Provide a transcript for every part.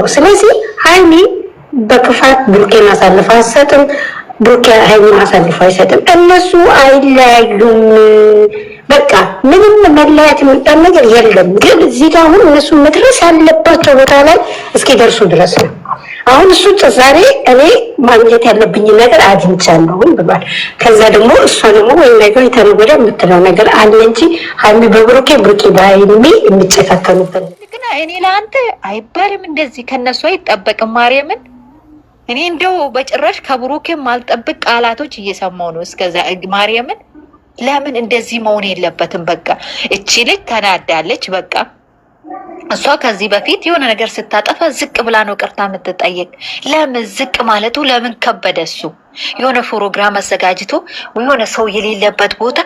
ነው። ስለዚህ ሀይሚ በክፋት ብሩኬን አሳልፎ አይሰጥም፣ ብሩኬ ሀይሚን አሳልፎ አይሰጥም። እነሱ አይለያዩም። በቃ ምንም መለያየት የሚባል ነገር የለም። ግን እዚህ ጋ አሁን እነሱ መድረስ ያለባቸው ቦታ ላይ እስኪደርሱ ድረስ ነው። አሁን እሱ ዛሬ እኔ ማግኘት ያለብኝ ነገር አግኝቻለሁኝ ብሏል። ከዛ ደግሞ እሷ ደግሞ ወይም ነገር የተነጎዳ የምትለው ነገር አለ እንጂ ሀይሚ በብሩኬ ብሩኬ በሀይሚ የሚጨካከሉበት እኔ ለአንተ አይባልም፣ እንደዚህ ከነሱ አይጠበቅም። ማርያምን እኔ እንደው በጭራሽ ከብሩኬም ማልጠብቅ ቃላቶች እየሰማው ነው እስከዛ። ማርያምን ለምን እንደዚህ መሆን የለበትም። በቃ እቺ ልጅ ተናዳለች። በቃ እሷ ከዚህ በፊት የሆነ ነገር ስታጠፋ ዝቅ ብላ ነው ቅርታ የምትጠየቅ። ለምን ዝቅ ማለቱ ለምን ከበደ? እሱ የሆነ ፕሮግራም አዘጋጅቶ የሆነ ሰው የሌለበት ቦታ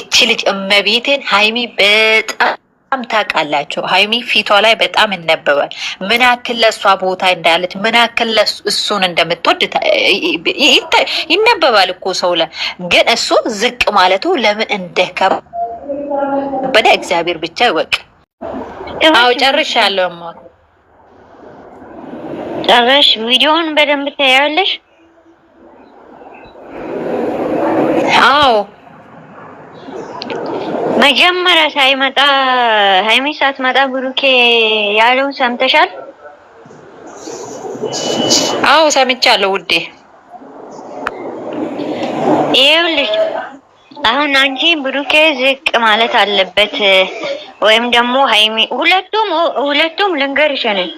እቺ ልጅ እመቤቴን ሀይሚ በጣም በጣም ታውቃላቸው። ሀይሚ ፊቷ ላይ በጣም ይነበባል። ምን ያክል ለእሷ ቦታ እንዳለች፣ ምን ያክል እሱን እንደምትወድ ይነበባል እኮ ሰው ላይ። ግን እሱ ዝቅ ማለቱ ለምን እንደከበደ እግዚአብሔር ብቻ ይወቅ። አዎ ጨርሻለሁ። ጨረሽ? ቪዲዮውን በደንብ ታያለሽ? አዎ መጀመሪያ ሳይመጣ ሃይሚ ሳትመጣ ብሩኬ ያለውን ሰምተሻል? አዎ ሰምቻለሁ ውዴ። ይኸውልሽ አሁን አንቺ ብሩኬ ዝቅ ማለት አለበት ወይም ደግሞ ሃይሚ ሁለቱም ሁለቱም ልንገርሽ ነኝ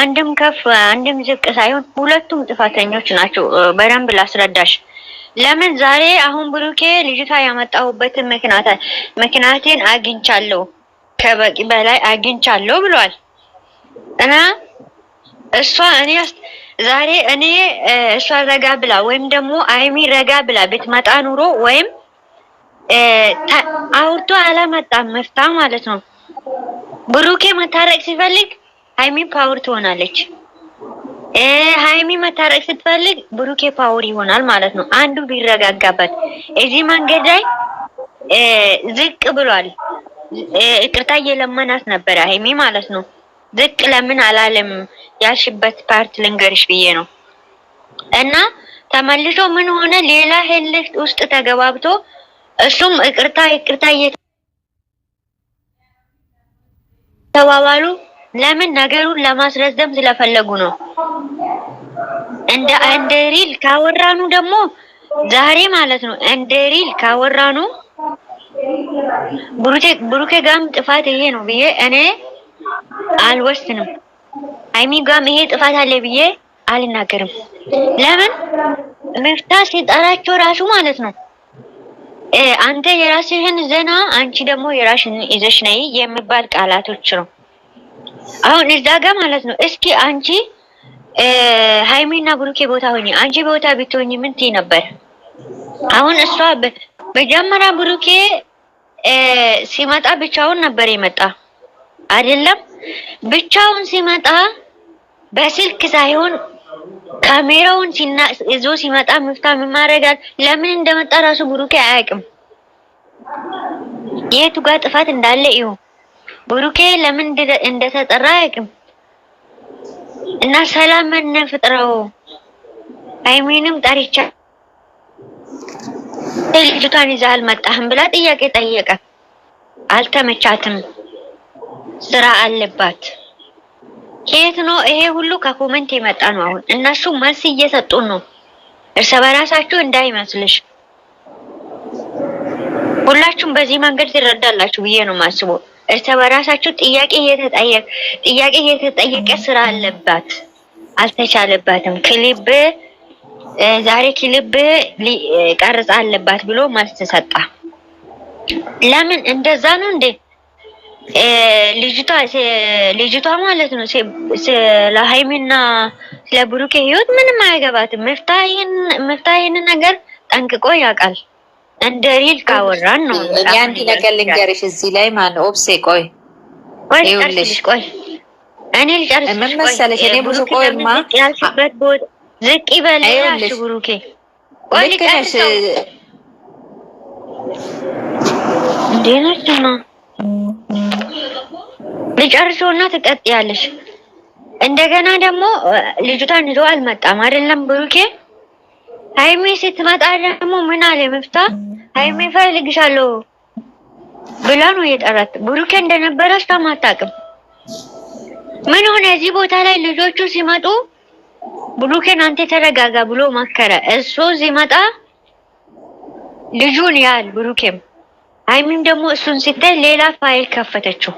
አንድም ከፍ አንድም ዝቅ ሳይሆን ሁለቱም ጥፋተኞች ናቸው። በደንብ ላስረዳሽ ለምን ዛሬ አሁን ብሩኬ ልጅቷ ያመጣሁበትን ምክንያት ምክንያቴን አግኝቻለሁ ከበቂ በላይ አግኝቻለሁ ብሏል እና እሷ እኔ ዛሬ እኔ እሷ ረጋ ብላ ወይም ደግሞ አይሚ ረጋ ብላ ብትመጣ ኑሮ ወይም አውርቶ አላመጣም መፍታ ማለት ነው። ብሩኬ መታረቅ ሲፈልግ አይሚ ፓወር ትሆናለች። ሀይሚ መታረቅ ስትፈልግ ብሩኬ ፓወር ይሆናል ማለት ነው። አንዱ ቢረጋጋበት እዚህ መንገድ ላይ ዝቅ ብሏል። ይቅርታ እየለመናት ነበረ ሀይሚ ማለት ነው። ዝቅ ለምን አላለም ያልሽበት ፓርት ልንገርሽ ብዬ ነው። እና ተመልሶ ምን ሆነ ሌላ ህልህ ውስጥ ተገባብቶ እሱም ይቅርታ ይቅርታ እየተባባሉ ለምን ነገሩን ለማስረዘም ስለፈለጉ ነው። እንደ እንደ ሪል ካወራኑ ደግሞ ዛሬ ማለት ነው እንደ ሪል ካወራኑ ብሩኬ ብሩኬ ጋም ጥፋት ይሄ ነው ብዬ እኔ አልወስንም። አይሚ ጋም ይሄ ጥፋት አለ ብዬ አልናገርም። ለምን መፍታ ሲጠራቸው ራሱ ማለት ነው አንተ የራስህን ዘና፣ አንቺ ደግሞ የራስህን ይዘሽ ነይ የሚባል ቃላቶች ነው አሁን እዛ ጋር ማለት ነው። እስኪ አንቺ ሀይሚና ብሩኬ ቦታ ሆኚ፣ አንቺ ቦታ ብትሆኚ ምን ትይ ነበር? አሁን እሷ መጀመሪያ ብሩኬ ሲመጣ ብቻውን ነበር የመጣ አይደለም። ብቻውን ሲመጣ በስልክ ሳይሆን ካሜራውን እዞ ሲመጣ ምፍታ ምን ማድረጋል? ለምን እንደመጣ ራሱ ብሩኬ አያውቅም። የቱ ጋር ጥፋት እንዳለ ይሁን ብሩኬ ለምን እንደተጠራ አያውቅም። እና ሰላም እንፍጥረው። አይሚንም ጠሪቻ ልጅቷን ይዛ አልመጣህም ብላ ጥያቄ ጠየቀ። አልተመቻትም፣ ስራ አለባት። ከየት ነው ይሄ ሁሉ? ከኮመንት የመጣ ነው። አሁን እነሱ መልስ እየሰጡን ነው። እርስ በራሳችሁ እንዳይመስልሽ ሁላችሁም በዚህ መንገድ ትረዳላችሁ ብዬ ነው የማስበው። በራሳቸው ጥያቄ እየተጠየቀ ጥያቄ እየተጠየቀ ስራ አለባት አልተቻለባትም። ክሊብ ዛሬ ክሊብ ቀርጻ አለባት ብሎ ማለት ተሰጣ። ለምን እንደዛ ነው እንዴ? ልጅቷ ልጅቷ ማለት ነው ስለ ሀይሚና ስለ ብሩኬ ህይወት ምንም አያገባትም። መፍታሄን ነገር ጠንቅቆ ያውቃል። እንደ ሪል ካወራን ነው። አንድ ነገር ልንገርሽ እዚህ ላይ ማን ኦብሴ ቆይ ቆይ ልጨርስልሽ ቆይ እኔ ልጨርስልሽ ምን መሰለሽ እኔ ብዙ ቆይማ ያልሽበት ቦታ ዝቅ ይበል ያልሽ ብሩኬ ቆይ ልጨርሽ እንዴናችሁና ልጨርሽውና ትቀጥያለሽ። እንደገና ደግሞ ልጅቷን ይዞ አልመጣም አይደለም ብሩኬ ሃይሜ ስትመጣ ደግሞ ምን አለ መፍታ ሀይሜ እፈልግሻለሁ ብላ ነው የጠራት። ብሩኬ እንደነበረ እሷም አታውቅም። ምን ሆነ እዚህ ቦታ ላይ ልጆቹ ሲመጡ ብሩኬን አንተ ተረጋጋ ብሎ መከረ። እሱ ሲመጣ ልጁን ያህል ብሩኬም ሀይሚም ደግሞ እሱን ሲታይ ሌላ ፋይል ከፈተችው።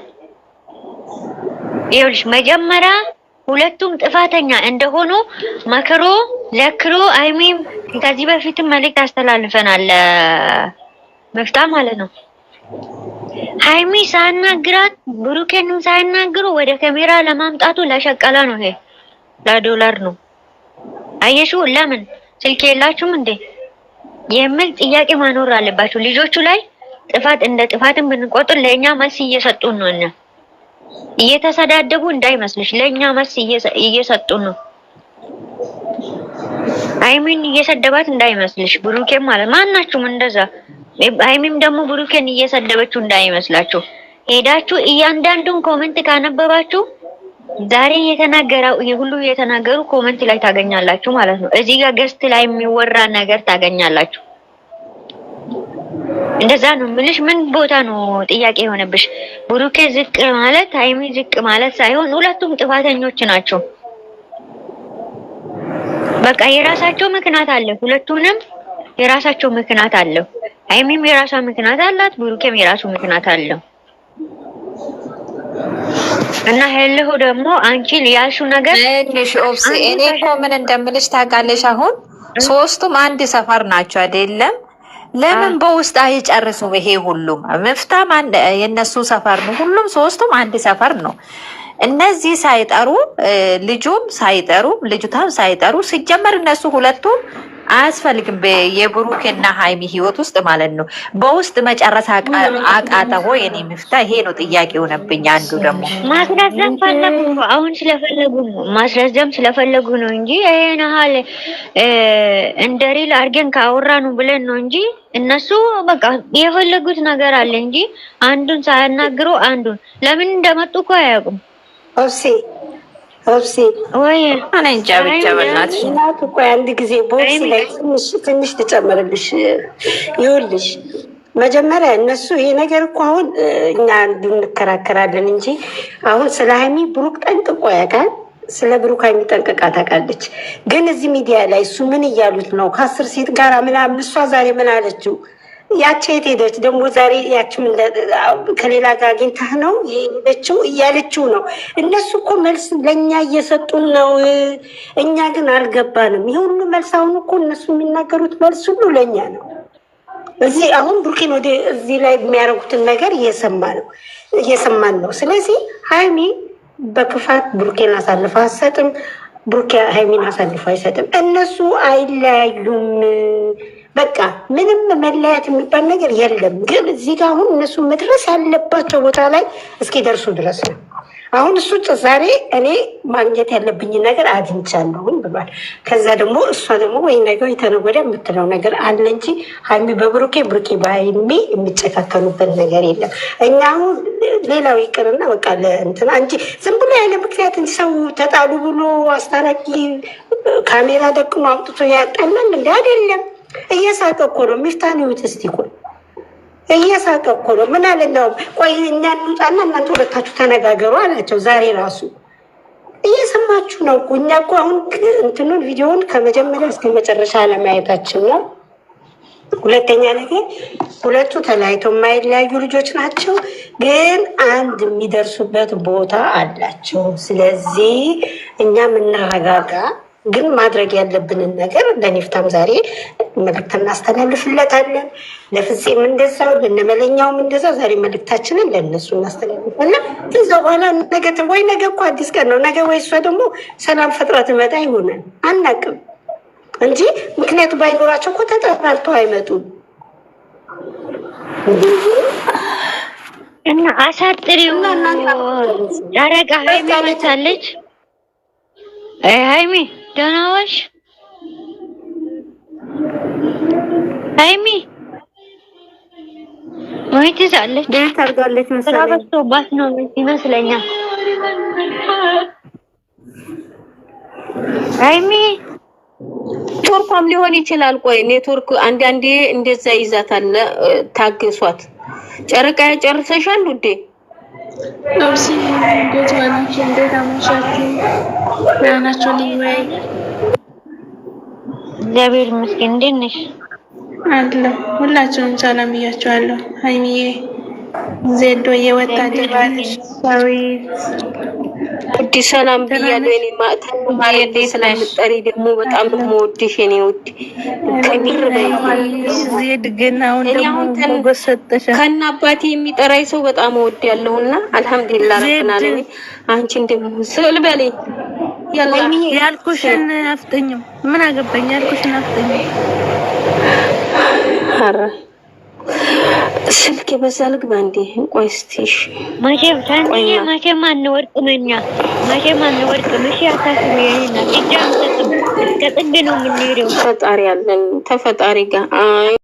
ይኸውልሽ መጀመሪያ ሁለቱም ጥፋተኛ እንደሆኑ መክሮ ለክሮ አይሚም ከዚህ በፊትም መልእክት አስተላልፈናል መፍታ ማለት ነው። ሀይሚ ሳያናግራት ብሩኬንም ሳያናግሩ ወደ ካሜራ ለማምጣቱ ለሸቀላ ነው፣ ይሄ ለዶላር ነው። አየሹ ለምን ስልክ የላችሁም እንዴ የሚል ጥያቄ ማኖር አለባችሁ ልጆቹ ላይ ጥፋት እንደ ጥፋትን ብንቆጥር ለእኛ መልስ እየሰጡን ነው። እየተሰዳደቡ እንዳይመስልሽ፣ ለእኛ መስ እየሰጡ ነው። አይሚን እየሰደባት እንዳይመስልሽ ብሩኬ ማለት ማናችሁም እንደዛ። አይሚም ደግሞ ብሩኬን እየሰደበችው እንዳይመስላችሁ። ሄዳችሁ እያንዳንዱን ኮመንት ካነበባችሁ ዛሬ የተናገረው የሁሉ የተናገሩ ኮመንት ላይ ታገኛላችሁ ማለት ነው። እዚህ ጋር ገስት ላይ የሚወራ ነገር ታገኛላችሁ። እንደዛ ነው ምልሽ። ምን ቦታ ነው ጥያቄ የሆነብሽ? ብሩኬ ዝቅ ማለት ሀይሚ ዝቅ ማለት ሳይሆን ሁለቱም ጥፋተኞች ናቸው። በቃ የራሳቸው ምክንያት አለ። ሁለቱንም የራሳቸው ምክንያት አለው። ሃይሚም የራሷ ምክንያት አላት፣ ብሩኬም የራሱ ምክንያት አለው። እና ሄልሁ ደግሞ አንቺ ያልሽው ነገር ትንሽ ኦፍሲ እኔ እኮ ምን እንደምልሽ ታውቃለሽ? አሁን ሶስቱም አንድ ሰፈር ናቸው አይደለም ለምን በውስጥ አይጨርሱም? ይሄ ሁሉም መፍታም የእነሱ ሰፈር ነው። ሁሉም ሶስቱም አንድ ሰፈር ነው። እነዚህ ሳይጠሩ ልጁም ሳይጠሩ ልጅቷም ሳይጠሩ ሲጀመር እነሱ ሁለቱም አያስፈልግም። የብሩክና ሀይሚ ህይወት ውስጥ ማለት ነው። በውስጥ መጨረስ አቃተ ሆይ እኔ ምፍታ ይሄ ነው ጥያቄ ሆነብኝ። አንዱ ደግሞ ማስረዘም ፈለጉ ነው። አሁን ስለፈለጉ ነው ማስረዘም ስለፈለጉ ነው እንጂ ይሄን ሀል እንደ ሪል አድርገን ካወራኑ ብለን ነው እንጂ እነሱ በቃ የፈለጉት ነገር አለ እንጂ አንዱን ሳያናግሩ አንዱን ለምን እንደመጡ እኮ አያውቁም። አንድ ጊዜ ትንሽ ትጨምርልሽ። ይኸውልሽ መጀመሪያ እነሱ ይሄ ነገር እኮ አሁን እኛ እንከራከራለን እንጂ አሁን ስለ ሀይሚ ብሩክ ጠንቅቆ ያውቃል። ስለ ብሩክ ሀይሚ ጠንቅቃ ታውቃለች። ግን እዚህ ሚዲያ ላይ እሱ ምን እያሉት ነው? ከአስር ሴት ጋር ምናምን እሷ ዛሬ ምን አለችው? ያቺ የት ሄደች ደግሞ? ዛሬ ያችም ከሌላ ጋር አግኝታህ ነው የሄደችው እያለችው ነው። እነሱ እኮ መልስ ለእኛ እየሰጡን ነው፣ እኛ ግን አልገባንም። ይህ ሁሉ መልስ አሁን እኮ እነሱ የሚናገሩት መልስ ሁሉ ለእኛ ነው። እዚህ አሁን ቡርኪን ወደ እዚህ ላይ የሚያደርጉትን ነገር እየሰማን ነው። ስለዚህ ሀይሚ በክፋት ቡርኬን አሳልፈ አትሰጥም፣ ብሩኬ ሀይሚን አሳልፎ አይሰጥም። እነሱ አይለያዩም። በቃ ምንም መለያየት የሚባል ነገር የለም። ግን እዚህ ጋ አሁን እነሱ መድረስ ያለባቸው ቦታ ላይ እስኪ ደርሱ ድረስ ነው። አሁን እሱ ዛሬ እኔ ማግኘት ያለብኝ ነገር አግኝቻለሁኝ ብሏል። ከዛ ደግሞ እሷ ደግሞ ወይ ነገ የተነጎዳ የምትለው ነገር አለ እንጂ ሀይሚ በብሩኬ ብሩኬ በሀይሚ የሚጨካከሉበት ነገር የለም። እኛ አሁን ሌላው ይቅርና በቃ ለእንትና እንጂ ዝም ብሎ ያለ ምክንያት ሰው ተጣሉ ብሎ አስታራቂ ካሜራ ደቅኖ አምጥቶ ያጣላል እንዲ አይደለም። እየሳቀ እኮ ነው። ሚፍታን ይሁት እስቲ ቆይ እየሳቀ እኮ ነው። ምን አለለውም። ቆይ እኛ እንውጣና እናንተ ሁለታችሁ ተነጋገሩ አላቸው። ዛሬ ራሱ እየሰማችሁ ነው እኮ እኛ እኮ አሁን እንትኑን ቪዲዮውን ከመጀመሪያ እስከ መጨረሻ አለማየታችን ነው። ሁለተኛ ነገር ሁለቱ ተለያይተው የማይለያዩ ልጆች ናቸው፣ ግን አንድ የሚደርሱበት ቦታ አላቸው። ስለዚህ እኛ የምንረጋጋ ግን ማድረግ ያለብንን ነገር ለኔፍታም ዛሬ መልእክት እናስተላልፍለታለን። ለፍፄም እንደዛው ለነበለኛውም እንደዛ ዛሬ መልእክታችንን ለእነሱ እናስተላልፋለን። ከዛ በኋላ ነገ ወይ ነገ እኮ አዲስ ቀን ነው። ነገ ወይ እሷ ደግሞ ሰላም ፈጥራ ትመጣ ይሆናል አናቅም እንጂ ምክንያቱ ባይኖራቸው እኮ ተጠራርተው አይመጡም። እና አሳጥሪው ያረጋ ሀይሚ መታለች ሀይሚ ደህና ዋልሽ ሀይሚ? ወይ ትይዛለች ደህና አድርጋለች መሰለኝ። በዝቶባት ነው ይመስለኛል። ሀይሚ ኔትወርኳም ሊሆን ይችላል። ቆይ ኔትወርክ አንዳንዴ እንደዛ ይዛታል። ታገሷት። ጨረቃ ጨርሰሻል ውዴ? ነብሲ እንዴት ዋላችሁ? እንዴት አመሻችሁ? ደህና ናችሁ? ሊወይ እግዚአብሔር ይመስገን። እንዴት ነሽ? አለሁ። ሁላችሁም ሰላም ብያችኋለሁ። ሀይሚዬ፣ ዜዶ፣ የወታደር ባልሽ፣ ውድ ሰላም ብያለሁ። እኔ ማየት ስለምጠሪ ደግሞ በጣም የምወድሽ እኔ ውድ ከቢር እኔ አሁን ከእነ አባቴ የሚጠራኝ ሰው በጣም ወድ ያለሁ እና አልሐምዱሊላህ ረብናለ አንቺን ደግሞ ስል በሌ ያልኩሽን አፍጠኝም ምን አገባኝ ያልኩሽን አፍጠኝም ስልክ የበዛ ልግባ ቆይስቲሽ ቆይ እስቲ እሺ። መቼም ታንዬ መቼም አንወድቅ ነው መቼም ነው። አታስቢ። ይሄና ጥጃም ከጥግ ነው የምንሄደው። ፈጣሪ አለን ተፈጣሪ ጋር